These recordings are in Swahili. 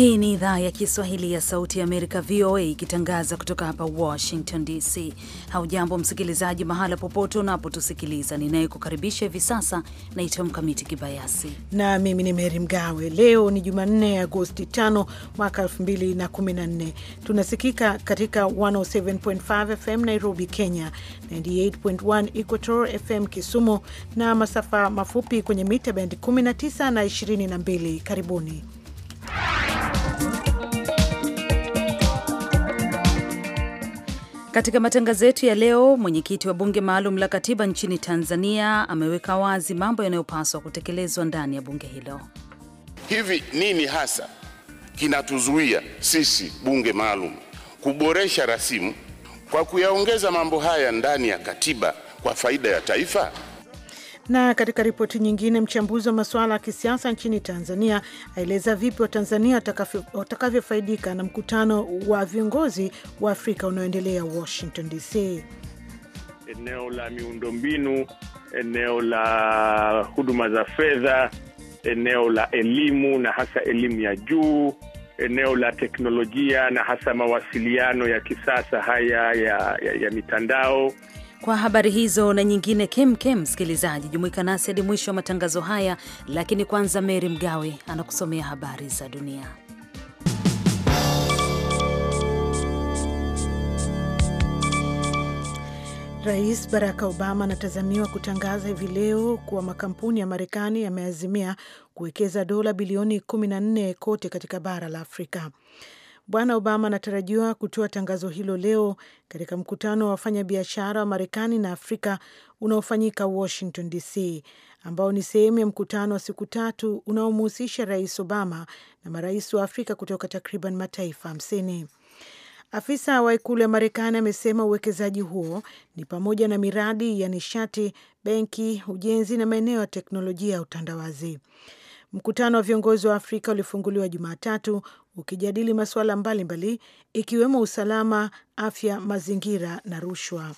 Hii ni idhaa ya Kiswahili ya Sauti ya Amerika, VOA, ikitangaza kutoka hapa Washington DC. Haujambo msikilizaji, mahala popote unapotusikiliza. Ninayekukaribisha hivi sasa naitwa Mkamiti Kibayasi na mimi ni Meri Mgawe. Leo ni Jumanne, Agosti 5 mwaka 2014. Tunasikika katika 107.5 FM Nairobi, Kenya, 98.1 Equator FM Kisumu, na masafa mafupi kwenye mita bendi 19 na 22. Karibuni. Katika matangazo yetu ya leo, mwenyekiti wa bunge maalum la katiba nchini Tanzania ameweka wazi mambo yanayopaswa kutekelezwa ndani ya bunge hilo. Hivi nini hasa kinatuzuia sisi bunge maalum kuboresha rasimu kwa kuyaongeza mambo haya ndani ya katiba kwa faida ya taifa? Na katika ripoti nyingine, mchambuzi wa masuala ya kisiasa nchini Tanzania aeleza vipi Watanzania watakavyofaidika na mkutano wa viongozi wa Afrika unaoendelea Washington DC. Eneo la miundombinu, eneo la huduma za fedha, eneo la elimu na hasa elimu ya juu, eneo la teknolojia na hasa mawasiliano ya kisasa haya ya, ya, ya mitandao kwa habari hizo na nyingine kem, msikilizaji, jumuika nasi hadi mwisho wa matangazo haya, lakini kwanza, Meri Mgawe anakusomea habari za dunia. Rais Barack Obama anatazamiwa kutangaza hivi leo kuwa makampuni ya Marekani yameazimia kuwekeza dola bilioni 14 kote katika bara la Afrika. Bwana Obama anatarajiwa kutoa tangazo hilo leo katika mkutano wa wafanyabiashara wa Marekani na Afrika unaofanyika Washington DC, ambao ni sehemu ya mkutano wa siku tatu unaomhusisha Rais Obama na marais wa Afrika kutoka takriban mataifa hamsini. Afisa wa ikulu ya Marekani amesema uwekezaji huo ni pamoja na miradi ya nishati, benki, ujenzi na maeneo ya teknolojia ya utandawazi. Mkutano wa viongozi wa Afrika ulifunguliwa Jumatatu ukijadili masuala mbalimbali ikiwemo usalama, afya, mazingira na rushwa.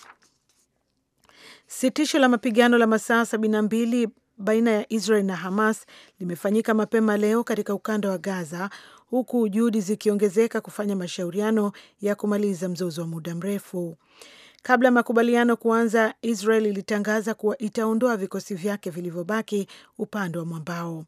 Sitisho la mapigano la masaa sabini na mbili baina ya Israel na Hamas limefanyika mapema leo katika ukanda wa Gaza, huku juhudi zikiongezeka kufanya mashauriano ya kumaliza mzozo wa muda mrefu. Kabla ya makubaliano kuanza, Israel ilitangaza kuwa itaondoa vikosi vyake vilivyobaki upande wa mwambao.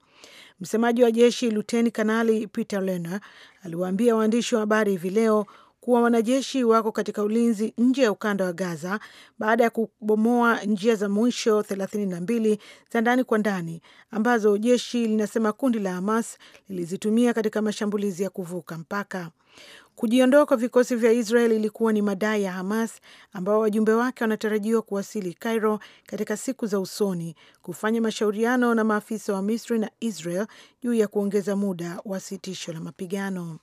Msemaji wa jeshi Luteni Kanali Peter Lena aliwaambia waandishi wa habari hivi leo kuwa wanajeshi wako katika ulinzi nje ya ukanda wa Gaza baada ya kubomoa njia za mwisho 32 za ndani kwa ndani ambazo jeshi linasema kundi la Hamas lilizitumia katika mashambulizi ya kuvuka mpaka. Kujiondoa kwa vikosi vya Israel ilikuwa ni madai ya Hamas ambao wajumbe wake wanatarajiwa kuwasili Cairo katika siku za usoni kufanya mashauriano na maafisa wa Misri na Israel juu ya kuongeza muda wa sitisho la mapigano.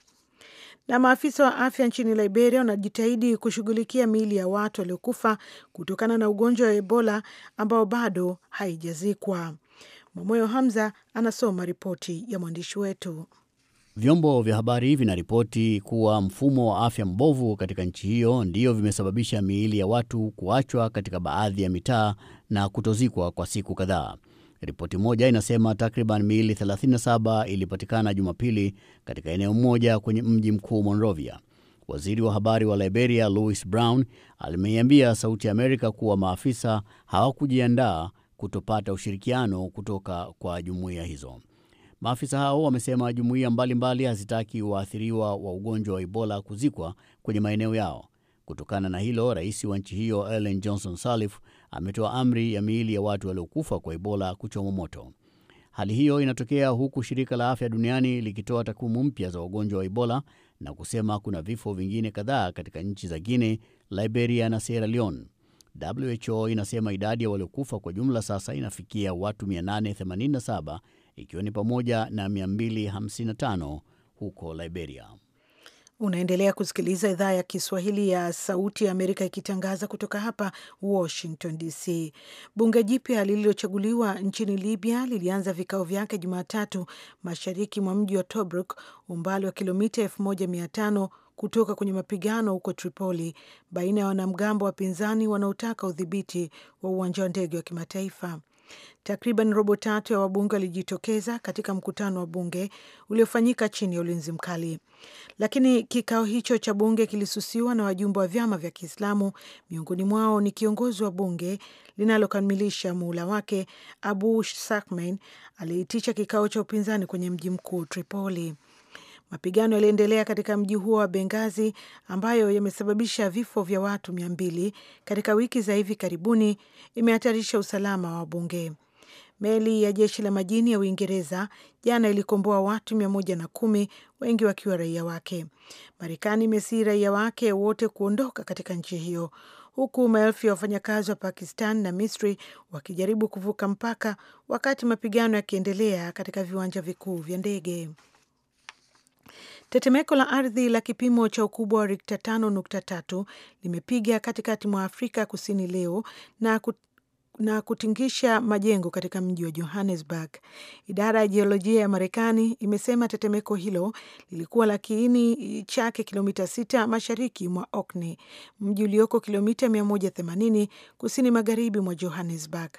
Na maafisa wa afya nchini Liberia wanajitahidi kushughulikia miili ya watu waliokufa kutokana na ugonjwa wa Ebola ambao bado haijazikwa. Mwamoyo Hamza anasoma ripoti ya mwandishi wetu. Vyombo vya habari vinaripoti kuwa mfumo wa afya mbovu katika nchi hiyo ndiyo vimesababisha miili ya watu kuachwa katika baadhi ya mitaa na kutozikwa kwa siku kadhaa. Ripoti moja inasema takriban miili 37 ilipatikana Jumapili katika eneo moja kwenye mji mkuu Monrovia. Waziri wa habari wa Liberia Louis Brown alimeiambia Sauti ya Amerika kuwa maafisa hawakujiandaa kutopata ushirikiano kutoka kwa jumuiya hizo. Maafisa hao wamesema jumuiya mbalimbali hazitaki waathiriwa wa ugonjwa wa Ebola kuzikwa kwenye maeneo yao. Kutokana na hilo, rais wa nchi hiyo Ellen Johnson Sirleaf ametoa amri ya miili ya watu waliokufa kwa Ebola kuchomwa moto. Hali hiyo inatokea huku shirika la afya duniani likitoa takwimu mpya za ugonjwa wa Ebola na kusema kuna vifo vingine kadhaa katika nchi za Guinea, Liberia na Sierra Leone. WHO inasema idadi ya waliokufa kwa jumla sasa inafikia watu 887 ikiwa ni pamoja na 255 huko Liberia. Unaendelea kusikiliza idhaa ya Kiswahili ya Sauti ya Amerika ikitangaza kutoka hapa Washington DC. Bunge jipya lililochaguliwa nchini Libya lilianza vikao vyake Jumatatu mashariki mwa mji wa Tobruk, umbali wa kilomita 1500 kutoka kwenye mapigano huko Tripoli baina ya wanamgambo wapinzani wanaotaka udhibiti wa uwanja wa ndege wa kimataifa. Takriban robo tatu ya wabunge walijitokeza katika mkutano wa bunge uliofanyika chini ya ulinzi mkali, lakini kikao hicho cha bunge kilisusiwa na wajumbe wa vyama vya Kiislamu. Miongoni mwao ni kiongozi wa bunge linalokamilisha muula wake Abu Sakmen aliyeitisha kikao cha upinzani kwenye mji mkuu Tripoli. Mapigano yaliendelea katika mji huo wa Bengazi ambayo yamesababisha vifo vya watu mia mbili katika wiki za hivi karibuni, imehatarisha usalama wa wabunge. Meli ya jeshi la majini ya Uingereza jana ilikomboa watu mia moja na kumi, wengi wakiwa raia wake. Marekani imesihi raia wake wote kuondoka katika nchi hiyo, huku maelfu ya wafanyakazi wa Pakistan na Misri wakijaribu kuvuka mpaka, wakati mapigano yakiendelea katika viwanja vikuu vya ndege. Tetemeko la ardhi la kipimo cha ukubwa wa Rikta 5.3 limepiga katikati mwa Afrika Kusini leo na na kutingisha majengo katika mji wa Johannesburg. Idara ya jiolojia ya Marekani imesema tetemeko hilo lilikuwa la kiini chake kilomita 6 mashariki mwa Orkney, mji ulioko kilomita 180 kusini magharibi mwa Johannesburg.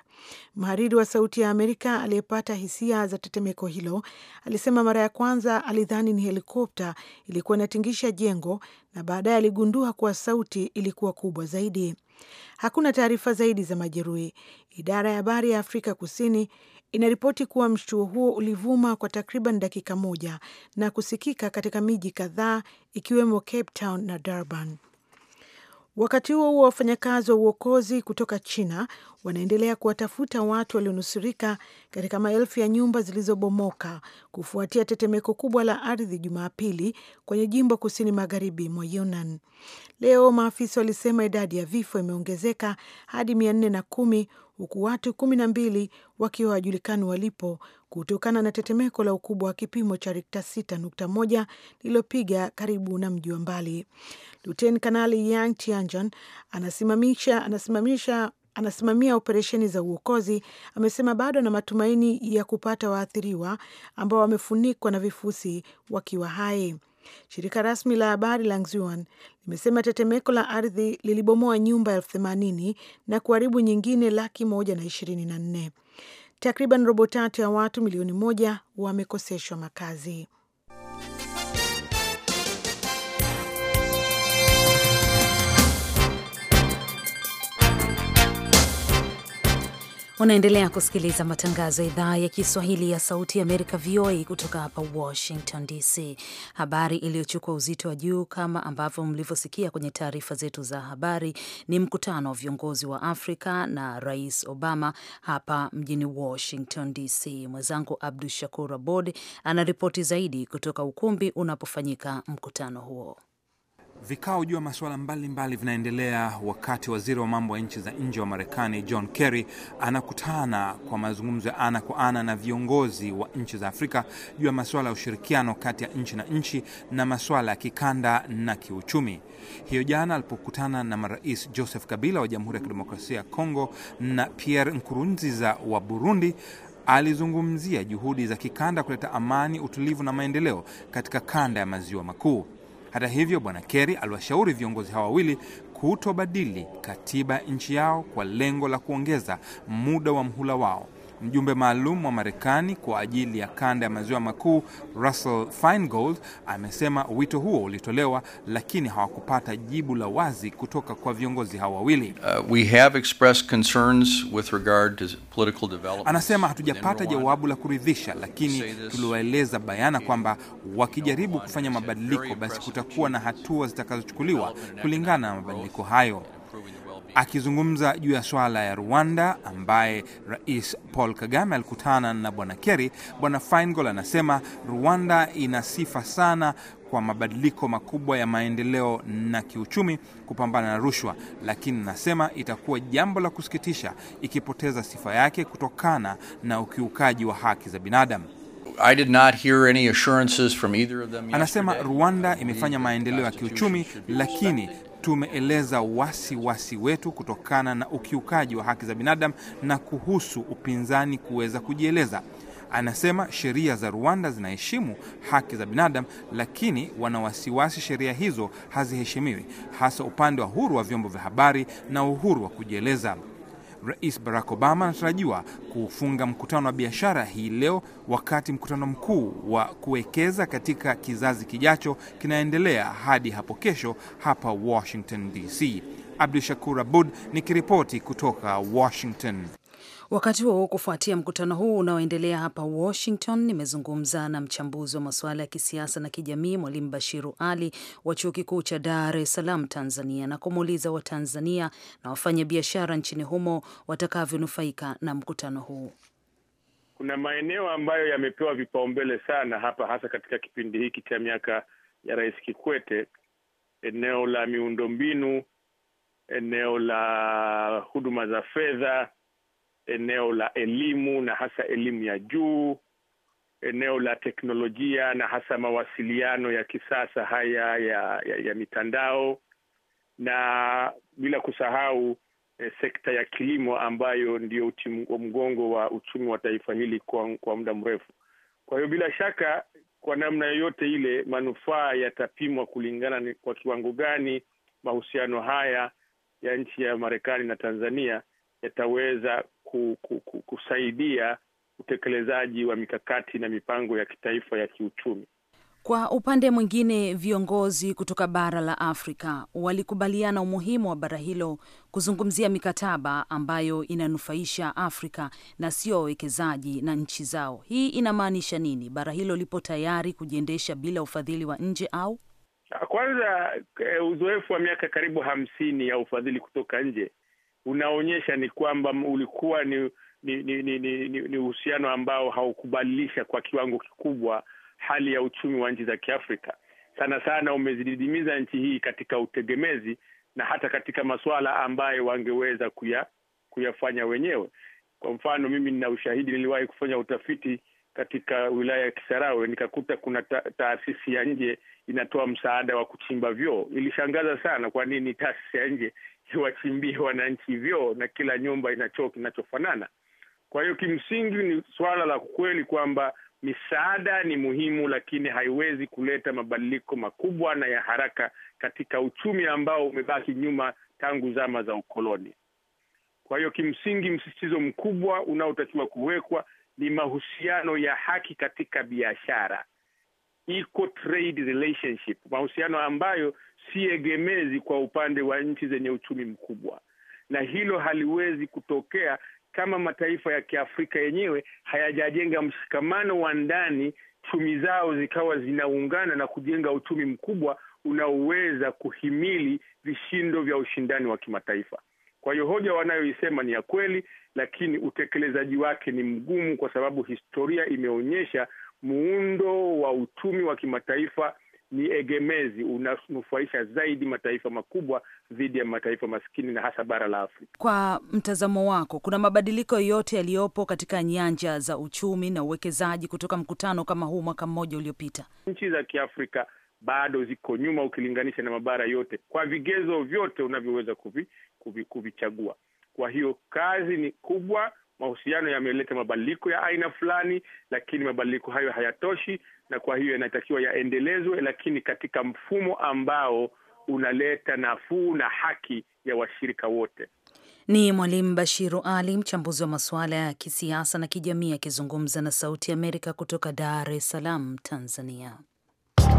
Mhariri wa Sauti ya Amerika aliyepata hisia za tetemeko hilo alisema mara ya kwanza alidhani ni helikopta ilikuwa inatingisha jengo, na baadaye aligundua kuwa sauti ilikuwa kubwa zaidi. Hakuna taarifa zaidi za majeruhi. Idara ya habari ya Afrika Kusini inaripoti kuwa mshtuo huo ulivuma kwa takriban dakika moja na kusikika katika miji kadhaa ikiwemo Cape Town na Durban. Wakati huo huo, wafanyakazi wa uokozi kutoka China wanaendelea kuwatafuta watu walionusurika katika maelfu ya nyumba zilizobomoka kufuatia tetemeko kubwa la ardhi Jumapili kwenye jimbo kusini magharibi mwa Yunnan. Leo maafisa walisema idadi ya vifo imeongezeka hadi mia nne na kumi huku watu kumi na mbili wakiwa hawajulikani walipo kutokana na tetemeko la ukubwa wa kipimo cha Rikta 6.1 lililopiga karibu na mji wa mbali. Luteni Kanali Yang Tianjon anasimamisha anasimamisha anasimamia operesheni za uokozi amesema bado ana matumaini ya kupata waathiriwa ambao wamefunikwa na vifusi wakiwa hai. Shirika rasmi la habari la Xinhua limesema tetemeko la ardhi lilibomoa nyumba elfu themanini na kuharibu nyingine laki moja na ishirini na nne takriban robo tatu ya watu milioni moja wamekoseshwa makazi. Unaendelea kusikiliza matangazo ya idhaa ya Kiswahili ya Sauti ya Amerika, VOA, kutoka hapa Washington DC. Habari iliyochukua uzito wa juu kama ambavyo mlivyosikia kwenye taarifa zetu za habari ni mkutano wa viongozi wa Afrika na Rais Obama hapa mjini Washington DC. Mwenzangu Abdu Shakur Abod anaripoti zaidi kutoka ukumbi unapofanyika mkutano huo. Vikao juu ya masuala mbalimbali vinaendelea wakati waziri wa mambo ya nchi za nje wa Marekani John Kerry anakutana kwa mazungumzo ya ana kwa ana na viongozi wa nchi za Afrika juu ya masuala ya ushirikiano kati ya nchi na nchi na masuala ya kikanda na kiuchumi. Hiyo jana alipokutana na marais Joseph Kabila wa Jamhuri ya Kidemokrasia ya Kongo na Pierre Nkurunziza wa Burundi alizungumzia juhudi za kikanda kuleta amani, utulivu na maendeleo katika kanda ya maziwa makuu. Hata hivyo, Bwana Kerry aliwashauri viongozi hawa wawili kutobadili katiba nchi yao kwa lengo la kuongeza muda wa mhula wao. Mjumbe maalum wa Marekani kwa ajili ya kanda ya maziwa makuu Russell Feingold amesema wito huo ulitolewa, lakini hawakupata jibu la wazi kutoka kwa viongozi hao wawili. Uh, we have expressed concerns with regard to political development. Anasema hatujapata jawabu la kuridhisha, lakini tuliwaeleza bayana kwamba wakijaribu kufanya mabadiliko, basi kutakuwa na hatua zitakazochukuliwa kulingana na mabadiliko hayo. Akizungumza juu ya swala ya Rwanda ambaye Rais Paul Kagame alikutana na Bwana Kerry, Bwana Feingold anasema Rwanda ina sifa sana kwa mabadiliko makubwa ya maendeleo na kiuchumi, kupambana na rushwa, lakini nasema itakuwa jambo la kusikitisha ikipoteza sifa yake kutokana na ukiukaji wa haki za binadamu. I did not hear any assurances from either of them. Anasema Rwanda imefanya maendeleo ya kiuchumi, lakini tumeeleza wasiwasi wetu kutokana na ukiukaji wa haki za binadamu na kuhusu upinzani kuweza kujieleza. Anasema sheria za Rwanda zinaheshimu haki za binadamu, lakini wana wasiwasi sheria hizo haziheshimiwi, hasa upande wa uhuru wa vyombo vya habari na uhuru wa kujieleza. Rais Barack Obama anatarajiwa kufunga mkutano wa biashara hii leo, wakati mkutano mkuu wa kuwekeza katika kizazi kijacho kinaendelea hadi hapo kesho hapa Washington DC. Abdu Shakur Abud nikiripoti kutoka Washington. Wakati huo kufuatia mkutano huu unaoendelea hapa Washington, nimezungumza na mchambuzi wa masuala ya kisiasa na kijamii Mwalimu Bashiru Ali wa chuo kikuu cha Dar es Salaam, Tanzania, na kumuuliza Watanzania na wafanyabiashara nchini humo watakavyonufaika na mkutano huu. Kuna maeneo ambayo yamepewa vipaumbele sana hapa, hasa katika kipindi hiki cha miaka ya Rais Kikwete: eneo la miundombinu, eneo la huduma za fedha eneo la elimu na hasa elimu ya juu, eneo la teknolojia na hasa mawasiliano ya kisasa haya ya, ya, ya mitandao, na bila kusahau eh, sekta ya kilimo ambayo ndio uti mgongo wa uchumi wa taifa hili kwa, kwa muda mrefu. Kwa hiyo bila shaka, kwa namna yoyote ile, manufaa yatapimwa kulingana ni kwa kiwango gani mahusiano haya ya nchi ya Marekani na Tanzania yataweza kusaidia utekelezaji wa mikakati na mipango ya kitaifa ya kiuchumi. Kwa upande mwingine, viongozi kutoka bara la Afrika walikubaliana umuhimu wa bara hilo kuzungumzia mikataba ambayo inanufaisha Afrika na sio wawekezaji na nchi zao. Hii inamaanisha nini? Bara hilo lipo tayari kujiendesha bila ufadhili wa nje au? Kwanza, eh, uzoefu wa miaka karibu hamsini ya ufadhili kutoka nje unaonyesha ni kwamba ulikuwa ni ni uhusiano ambao haukubadilisha kwa kiwango kikubwa hali ya uchumi wa nchi za Kiafrika. Sana sana umezididimiza nchi hii katika utegemezi na hata katika masuala ambayo wangeweza kuya, kuyafanya wenyewe. Kwa mfano, mimi nina ushahidi, niliwahi kufanya utafiti katika wilaya ya Kisarawe nikakuta kuna ta taasisi ya nje inatoa msaada wa kuchimba vyoo. Ilishangaza sana kwa nini taasisi ya nje ziwachimbie wananchi vyoo na kila nyumba ina choo kinachofanana. Kwa hiyo kimsingi ni suala la kweli kwamba misaada ni muhimu, lakini haiwezi kuleta mabadiliko makubwa na ya haraka katika uchumi ambao umebaki nyuma tangu zama za ukoloni. Kwa hiyo kimsingi, msisitizo mkubwa unaotakiwa kuwekwa ni mahusiano ya haki katika biashara equal trade relationship, mahusiano ambayo si egemezi kwa upande wa nchi zenye uchumi mkubwa, na hilo haliwezi kutokea kama mataifa ya Kiafrika yenyewe hayajajenga mshikamano wa ndani, chumi zao zikawa zinaungana na kujenga uchumi mkubwa unaoweza kuhimili vishindo vya ushindani wa kimataifa. Kwa hiyo hoja wanayoisema ni ya kweli, lakini utekelezaji wake ni mgumu, kwa sababu historia imeonyesha muundo wa uchumi wa kimataifa ni egemezi, unanufaisha zaidi mataifa makubwa dhidi ya mataifa maskini na hasa bara la Afrika. Kwa mtazamo wako, kuna mabadiliko yoyote yaliyopo katika nyanja za uchumi na uwekezaji kutoka mkutano kama huu mwaka mmoja uliopita? Nchi za Kiafrika bado ziko nyuma ukilinganisha na mabara yote kwa vigezo vyote unavyoweza kuvichagua kuvi, kuvi. Kwa hiyo kazi ni kubwa mahusiano yameleta mabadiliko ya aina fulani, lakini mabadiliko hayo hayatoshi, na kwa hiyo yanatakiwa yaendelezwe, lakini katika mfumo ambao unaleta nafuu na haki ya washirika wote. Ni Mwalimu Bashiru Ali, mchambuzi wa masuala ya kisiasa na kijamii, akizungumza na Sauti ya Amerika kutoka Dar es Salaam, Tanzania.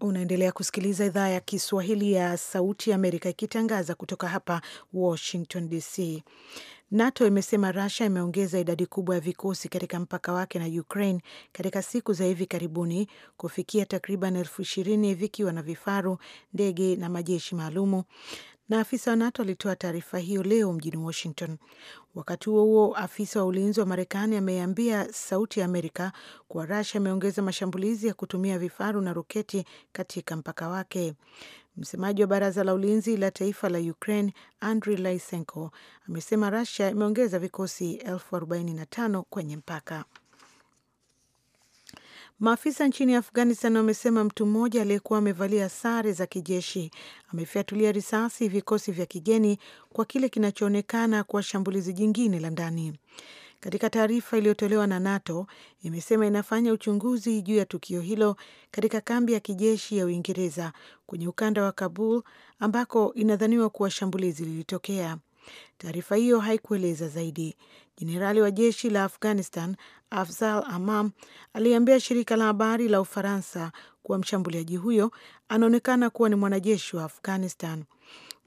Unaendelea kusikiliza idhaa ya Kiswahili ya Sauti ya Amerika ikitangaza kutoka hapa Washington DC. NATO imesema Russia imeongeza idadi kubwa ya vikosi katika mpaka wake na Ukraine katika siku za hivi karibuni kufikia takriban elfu ishirini vikiwa na vifaru, ndege na majeshi maalumu, na afisa wa NATO alitoa taarifa hiyo leo mjini Washington. Wakati huo huo, afisa wa ulinzi wa Marekani ameiambia Sauti ya Amerika kuwa rasha ameongeza mashambulizi ya kutumia vifaru na roketi katika mpaka wake. Msemaji wa baraza la ulinzi la taifa la Ukraine Andriy Lysenko amesema Russia imeongeza vikosi elfu kwenye mpaka. Maafisa nchini Afghanistan wamesema mtu mmoja aliyekuwa amevalia sare za kijeshi amefyatulia risasi vikosi vya kigeni kwa kile kinachoonekana kuwa shambulizi jingine la ndani. Katika taarifa iliyotolewa na NATO imesema inafanya uchunguzi juu ya tukio hilo katika kambi ya kijeshi ya Uingereza kwenye ukanda wa Kabul ambako inadhaniwa kuwa shambulizi lilitokea. Taarifa hiyo haikueleza zaidi. Jenerali wa jeshi la Afghanistan Afzal Amam aliambia shirika la habari la Ufaransa kuwa mshambuliaji huyo anaonekana kuwa ni mwanajeshi wa Afghanistan.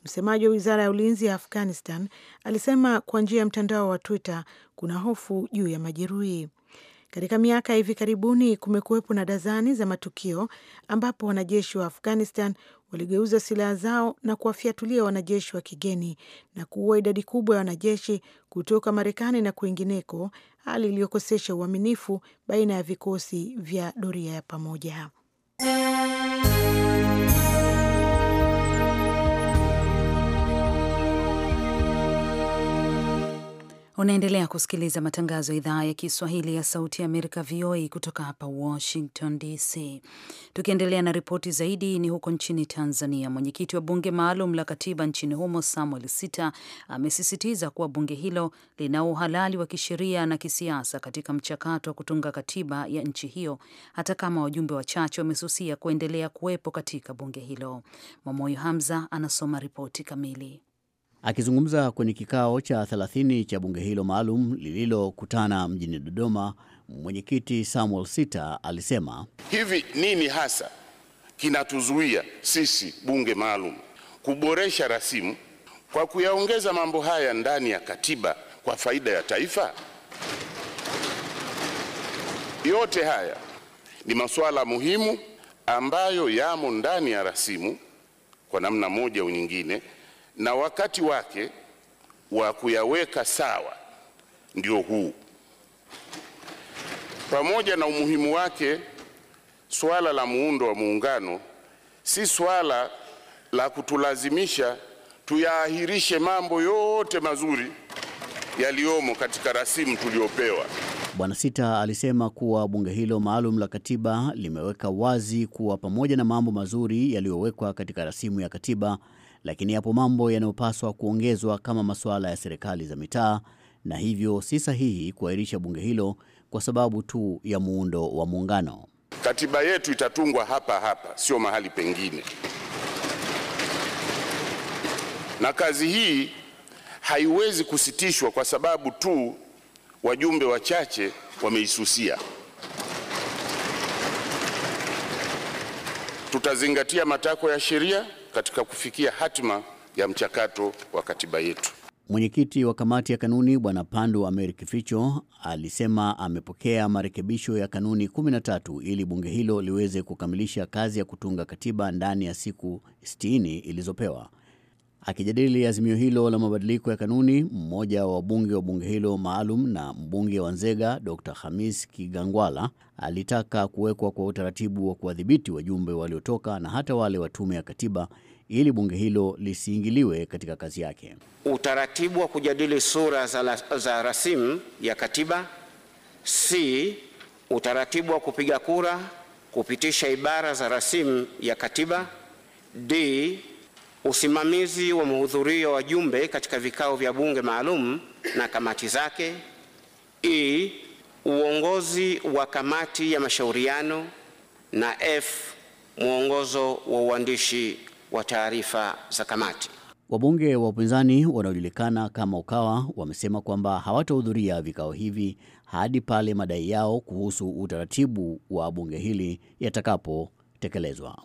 Msemaji wa wizara ya ulinzi ya Afghanistan alisema kwa njia ya mtandao wa Twitter kuna hofu juu ya majeruhi. Katika miaka ya hivi karibuni kumekuwepo na dazani za matukio ambapo wanajeshi wa Afghanistan waligeuza silaha zao na kuwafyatulia wanajeshi wa kigeni na kuua idadi kubwa ya wanajeshi kutoka Marekani na kwingineko, hali iliyokosesha uaminifu baina ya vikosi vya doria ya pamoja. Unaendelea kusikiliza matangazo ya idhaa ya Kiswahili ya Sauti ya Amerika, VOA, kutoka hapa Washington DC. Tukiendelea na ripoti zaidi, ni huko nchini Tanzania. Mwenyekiti wa Bunge Maalum la Katiba nchini humo, Samuel Sita, amesisitiza kuwa bunge hilo lina uhalali wa kisheria na kisiasa katika mchakato wa kutunga katiba ya nchi hiyo, hata kama wajumbe wachache wamesusia kuendelea kuwepo katika bunge hilo. Mwamoyo Hamza anasoma ripoti kamili. Akizungumza kwenye kikao cha 30 cha bunge hilo maalum lililokutana mjini Dodoma, mwenyekiti Samuel Sita alisema hivi, nini hasa kinatuzuia sisi bunge maalum kuboresha rasimu kwa kuyaongeza mambo haya ndani ya katiba kwa faida ya taifa? Yote haya ni masuala muhimu ambayo yamo ndani ya rasimu kwa namna moja au nyingine na wakati wake wa kuyaweka sawa ndio huu. Pamoja na umuhimu wake, swala la muundo wa muungano si swala la kutulazimisha tuyaahirishe mambo yote mazuri yaliyomo katika rasimu tuliyopewa. Bwana Sita alisema kuwa bunge hilo maalum la katiba limeweka wazi kuwa pamoja na mambo mazuri yaliyowekwa katika rasimu ya katiba, lakini yapo mambo yanayopaswa kuongezwa kama masuala ya serikali za mitaa, na hivyo si sahihi kuahirisha bunge hilo kwa sababu tu ya muundo wa muungano. Katiba yetu itatungwa hapa hapa, sio mahali pengine, na kazi hii haiwezi kusitishwa kwa sababu tu wajumbe wachache wameisusia. Tutazingatia matakwa ya sheria katika kufikia hatima ya mchakato wa katiba yetu. Mwenyekiti wa kamati ya kanuni Bwana Pandu Ameri Kificho alisema amepokea marekebisho ya kanuni 13 ili bunge hilo liweze kukamilisha kazi ya kutunga katiba ndani ya siku 60 ilizopewa. Akijadili azimio hilo la mabadiliko ya kanuni, mmoja wa wabunge wa bunge hilo maalum na mbunge wa Nzega Dr Hamis Kigangwala alitaka kuwekwa kwa utaratibu wa kuwadhibiti wajumbe waliotoka na hata wale wa tume ya katiba ili bunge hilo lisiingiliwe katika kazi yake. Utaratibu wa kujadili sura za, la, za rasimu ya katiba si utaratibu wa kupiga kura kupitisha ibara za rasimu ya katiba d usimamizi wa mahudhurio wa jumbe katika vikao vya bunge maalum na kamati zake. E, uongozi wa kamati ya mashauriano na F, mwongozo wa uandishi wa taarifa za kamati. Wabunge wa upinzani wanaojulikana kama Ukawa wamesema kwamba hawatahudhuria vikao hivi hadi pale madai yao kuhusu utaratibu wa bunge hili yatakapotekelezwa.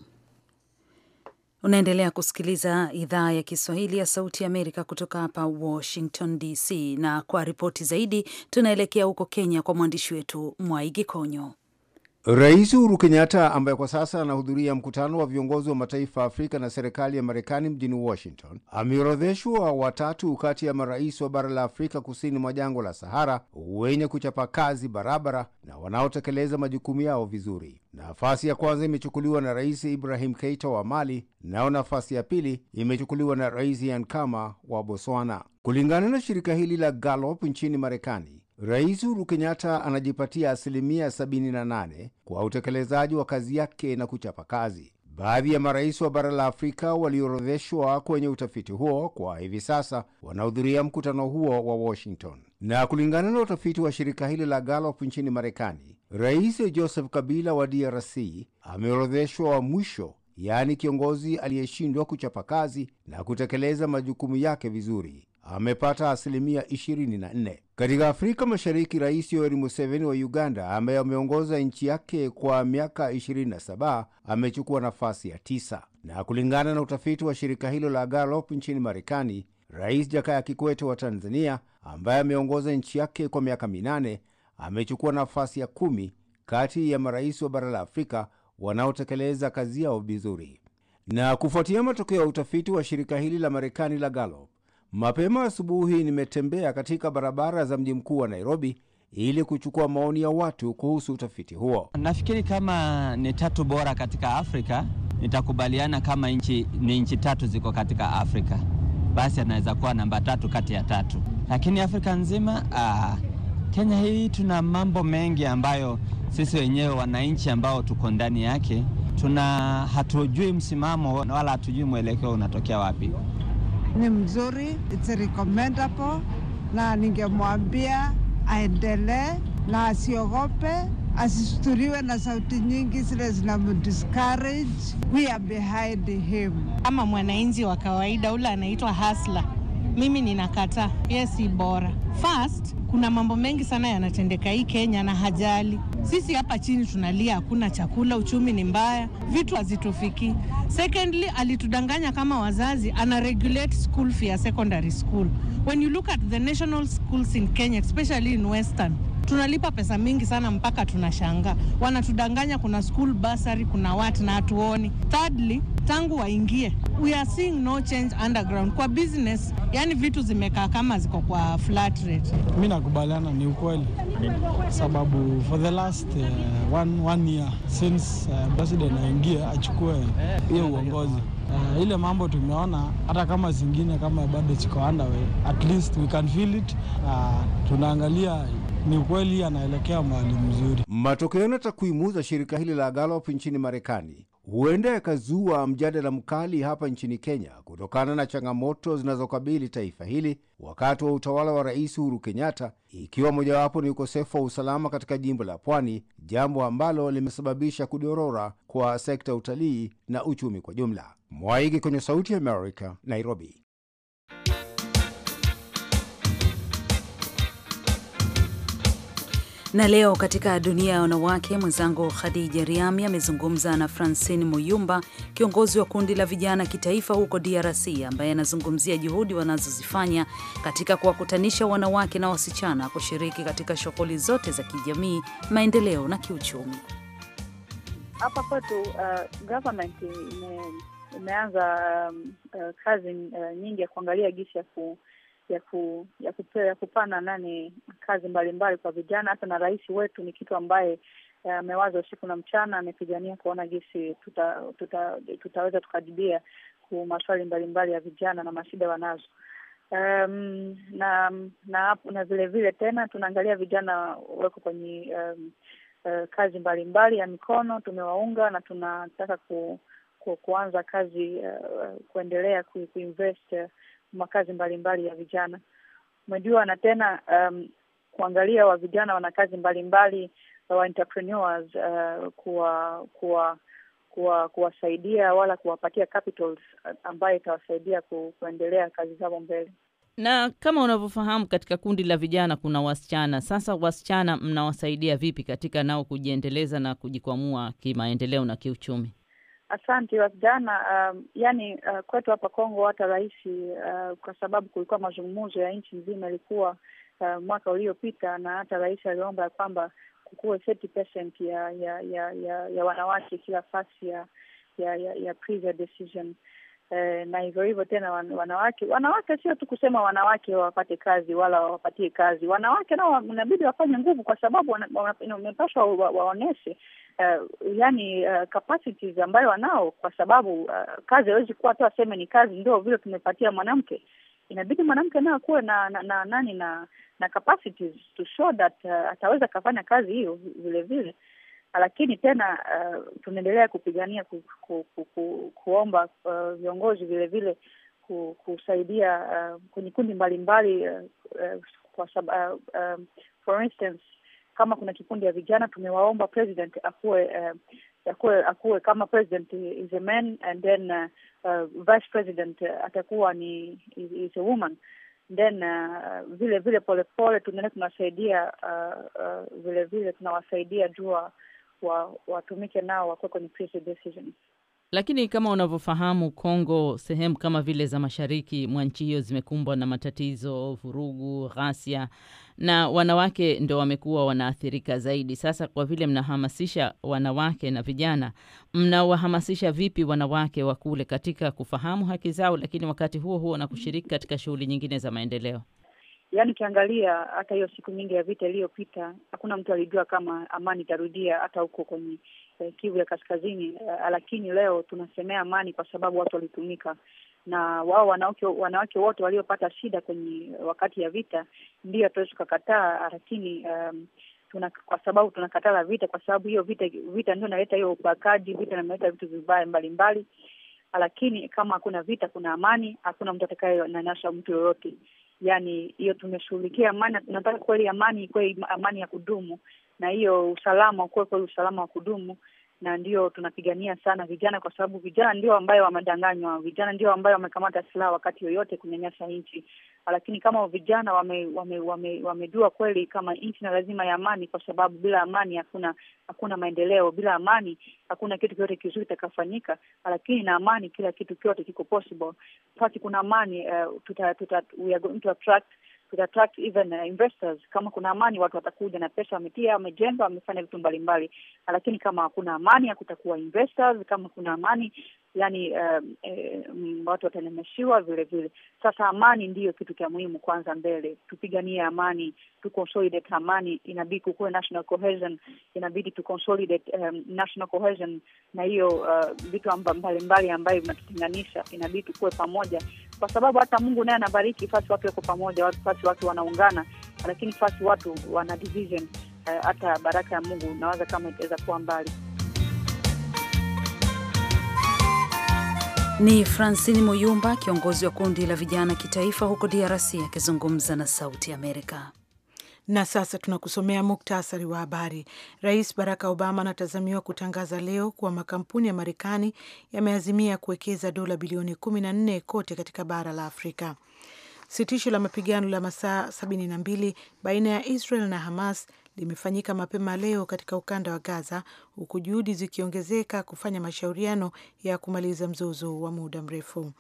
Unaendelea kusikiliza idhaa ya Kiswahili ya Sauti ya Amerika kutoka hapa Washington DC, na kwa ripoti zaidi tunaelekea huko Kenya kwa mwandishi wetu Mwaigi Konyo. Rais Uhuru Kenyatta ambaye kwa sasa anahudhuria mkutano wa viongozi wa mataifa ya Afrika na serikali ya Marekani mjini Washington ameorodheshwa watatu kati ya marais wa bara la Afrika kusini mwa jangwa la Sahara wenye kuchapa kazi barabara na wanaotekeleza majukumu yao vizuri. Nafasi ya kwanza imechukuliwa na Rais Ibrahim Keita wa Mali, nayo nafasi ya pili imechukuliwa na Rais Yankama wa Botswana. Kulingana na shirika hili la Gallup nchini Marekani, Rais Uhuru Kenyatta anajipatia asilimia 78 kwa utekelezaji wa kazi yake na kuchapa kazi. Baadhi ya marais wa bara la Afrika walioorodheshwa kwenye utafiti huo kwa hivi sasa wanahudhuria mkutano huo wa Washington. Na kulingana na utafiti wa shirika hili la Gallup nchini Marekani, Rais Joseph Kabila wa DRC ameorodheshwa wa mwisho, yaani kiongozi aliyeshindwa kuchapa kazi na kutekeleza majukumu yake vizuri amepata asilimia 24. Katika Afrika Mashariki, Rais Yoweri Museveni wa Uganda ambaye ameongoza nchi yake kwa miaka 27 amechukua nafasi ya tisa, na kulingana na utafiti wa shirika hilo la Gallup nchini Marekani, Rais Jakaya Kikwete wa Tanzania ambaye ameongoza nchi yake kwa miaka minane amechukua nafasi ya kumi kati ya marais wa bara la Afrika wanaotekeleza kazi yao vizuri. Na kufuatia matokeo ya utafiti wa shirika hili la Marekani la Gallup, Mapema asubuhi nimetembea katika barabara za mji mkuu wa Nairobi ili kuchukua maoni ya watu kuhusu utafiti huo. Nafikiri kama ni tatu bora katika Afrika, nitakubaliana kama nchi ni nchi tatu ziko katika Afrika, basi anaweza kuwa namba tatu kati ya tatu, lakini Afrika nzima aa, ah, Kenya hii tuna mambo mengi ambayo sisi wenyewe wananchi ambao tuko ndani yake tuna hatujui msimamo wala hatujui mwelekeo unatokea wapi ni mzuri, it's recommendable, na ningemwambia aendelee na asiogope, asisuturiwe na sauti nyingi zile zinamdiscourage. We are behind him. Kama mwananchi wa kawaida ule anaitwa hasla, mimi ninakataa. Yes, si bora. First, kuna mambo mengi sana yanatendeka hii Kenya na hajali sisi hapa chini tunalia, hakuna chakula, uchumi ni mbaya, vitu hazitufiki. Secondly, alitudanganya kama wazazi ana regulate school fee ya secondary school. When you look at the national schools in Kenya, especially in Western tunalipa pesa mingi sana mpaka tunashangaa, wanatudanganya kuna school basari kuna wati na hatuoni. Thirdly, tangu waingie we are seeing no change underground kwa business, yani vitu zimekaa kama ziko kwa flat rate. Mi nakubaliana ni ukweli, sababu for the last uh, one, one year since uh, president aingie achukue hiyo uongozi Uh, ile mambo tumeona hata kama zingine kama bado ziko underway, at least we can feel it. Uh, tunaangalia ni kweli anaelekea mahali mzuri. Matokeo na takwimu za shirika hili la Gallup nchini Marekani huenda yakazua mjadala mkali hapa nchini Kenya kutokana na changamoto zinazokabili taifa hili wakati wa utawala wa Rais Uhuru Kenyatta, ikiwa mojawapo ni ukosefu wa usalama katika jimbo la Pwani, jambo ambalo limesababisha kudorora kwa sekta ya utalii na uchumi kwa jumla. Mwaigi kwenye Sauti ya Amerika, Nairobi. Na leo katika dunia ya wanawake, mwenzangu Khadija Riami amezungumza na Francine Muyumba, kiongozi wa kundi la vijana kitaifa huko DRC, ambaye anazungumzia juhudi wanazozifanya katika kuwakutanisha wanawake na wasichana kushiriki katika shughuli zote za kijamii, maendeleo na kiuchumi. Hapa kwetu uh, government ime, imeanza um, uh, kazi uh, nyingi ya kuangalia gisi ya ku ya ku, ya, ya kupana nani kazi mbalimbali kwa vijana. Hata na rais wetu ni kitu ambaye eh, amewaza usiku na mchana, amepigania kuona jinsi tuta, tuta, tutaweza tukajibia ku maswali mbalimbali ya vijana na mashida wanazo. Um, na na na vile vile tena tunaangalia vijana weko kwenye um, uh, kazi mbalimbali mbali ya mikono tumewaunga, na tunataka ku, ku, kuanza kazi uh, kuendelea ku, kuinvest uh, makazi mbalimbali mbali ya vijana umejua, na tena um, kuangalia wa vijana wana kazi mbalimbali wa entrepreneurs uh, kuwa kuwa kuwasaidia wala kuwapatia capitals uh, ambayo itawasaidia ku, kuendelea kazi zao mbele. Na kama unavyofahamu, katika kundi la vijana kuna wasichana. Sasa wasichana mnawasaidia vipi katika nao kujiendeleza na kujikwamua kimaendeleo na kiuchumi? Asante. Wasichana um, yani uh, kwetu hapa Kongo hata rahisi uh, kwa sababu kulikuwa mazungumzo ya nchi nzima ilikuwa uh, mwaka uliopita, na hata rais aliomba ya kwamba kukuwe 30% ya ya, ya ya ya wanawake kila fasi ya ya, ya, ya previous decision eh, na hivyo hivyo tena wanawake wanawake sio tu kusema wanawake wapate kazi wala wapatie kazi, wanawake nao inabidi wafanye nguvu, kwa sababu wamepashwa waoneshe uh, yani uh, capacities ambayo wanao, kwa sababu uh, kazi hawezi kuwa tu aseme ni kazi ndio vile tumepatia mwanamke inabidi mwanamke naye akuwe na na na na, na na capacities to show that uh, ataweza akafanya kazi hiyo vile vile, lakini tena uh, tunaendelea kupigania ku, ku, ku, ku, kuomba uh, viongozi vile vile ku, kusaidia uh, kwenye kundi mbalimbali uh, uh, kwa sab, uh, um, for instance kama kuna kikundi ya vijana tumewaomba president akuwe uh, akuwe, akuwe kama president is a man and then uh, uh, vice president atakuwa ni is, is a woman then uh, vile vile polepole tunaenda tunasaidia uh, uh, vile vile tunawasaidia jua watumike nao wakuwe kwenye decisions. Lakini kama unavyofahamu, Kongo, sehemu kama vile za mashariki mwa nchi hiyo zimekumbwa na matatizo, vurugu, ghasia, na wanawake ndo wamekuwa wanaathirika zaidi. Sasa kwa vile mnahamasisha wanawake na vijana, mnawahamasisha vipi wanawake wa kule katika kufahamu haki zao, lakini wakati huo huo na kushiriki katika shughuli nyingine za maendeleo? Yaani ukiangalia hata hiyo siku nyingi ya vita iliyopita, hakuna mtu alijua kama amani itarudia hata huko kwenye eh, Kivu ya Kaskazini eh, lakini leo tunasemea amani kwa sababu watu walitumika na wao wanawake wanawake wote waliopata shida kwenye eh, wakati ya vita, ndio hatuwezi tukakataa, lakini um, tuna, kwa sababu tunakataa vita kwa sababu hiyo vita vita ndio inaleta hiyo ubakaji, vita inaleta vitu vibaya mbalimbali, lakini kama hakuna vita, kuna amani, hakuna mtu atakayenanasha mtu yoyote. Yani hiyo tumeshughulikia amani, tunataka kweli amani, kweli amani ya kudumu na hiyo usalama kuwepo usalama wa kudumu, na ndio tunapigania sana vijana, kwa sababu vijana ndio ambayo wamedanganywa, vijana ndio ambayo wamekamata silaha wakati yoyote kunyanyasa nchi. Lakini kama vijana wamejua wame, wame, wame kweli kama nchi na lazima ya amani, kwa sababu bila amani hakuna hakuna maendeleo, bila amani hakuna kitu kyote kizuri kitakafanyika. Lakini na amani kila kitu kyote kiko possible. Wakati kuna amani uh, tuta, tuta, we are going to attract attract even uh, investors. Kama kuna amani, watu watakuja na pesa, wametia, wamejenga, wamefanya vitu mbalimbali, lakini kama hakuna amani, hakutakuwa investors. Kama kuna amani, yani uh, eh, eh, watu watanemeshiwa vile vile. Sasa amani ndiyo kitu cha muhimu kwanza mbele, tupiganie amani, tu consolidate amani, inabidi kukuwe national cohesion, inabidi tu consolidate um, eh, national cohesion, na hiyo uh, vitu amba mbalimbali ambayo vinatutenganisha inabidi tukuwe pamoja, kwa sababu hata Mungu naye anabariki fasi watu wako pamoja, fasi watu wanaungana, lakini fasi watu wana division, hata uh, baraka ya Mungu nawaza kama itaweza kuwa mbali. Ni Francine Muyumba, kiongozi wa kundi la vijana kitaifa huko DRC akizungumza na Sauti Amerika. Na sasa tunakusomea muktasari wa habari. Rais Barack Obama anatazamiwa kutangaza leo kuwa makampuni ya Marekani yameazimia kuwekeza dola bilioni 14 kote katika bara la Afrika. Sitisho la mapigano la masaa 72 baina ya Israel na Hamas limefanyika mapema leo katika ukanda wa Gaza, huku juhudi zikiongezeka kufanya mashauriano ya kumaliza mzozo wa muda mrefu.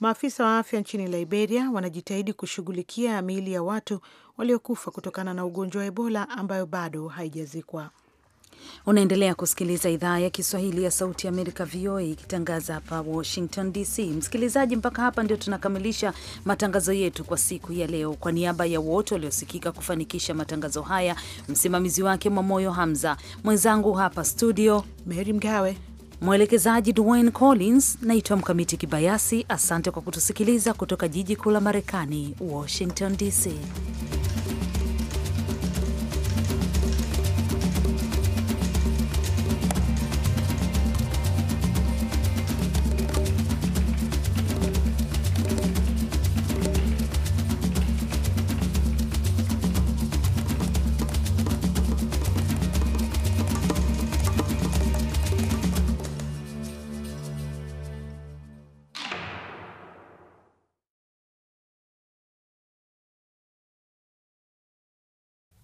Maafisa wa afya nchini Liberia wanajitahidi kushughulikia miili ya watu waliokufa kutokana na ugonjwa wa Ebola ambayo bado haijazikwa. Unaendelea kusikiliza idhaa ya Kiswahili ya Sauti ya Amerika, VOA, ikitangaza hapa Washington DC. Msikilizaji, mpaka hapa ndio tunakamilisha matangazo yetu kwa siku ya leo. Kwa niaba ya wote waliosikika kufanikisha matangazo haya, msimamizi wake Mwamoyo Hamza, mwenzangu hapa studio Mary Mgawe, mwelekezaji Dwayne Collins, naitwa Mkamiti Kibayasi. Asante kwa kutusikiliza kutoka jiji kuu la Marekani, Washington DC.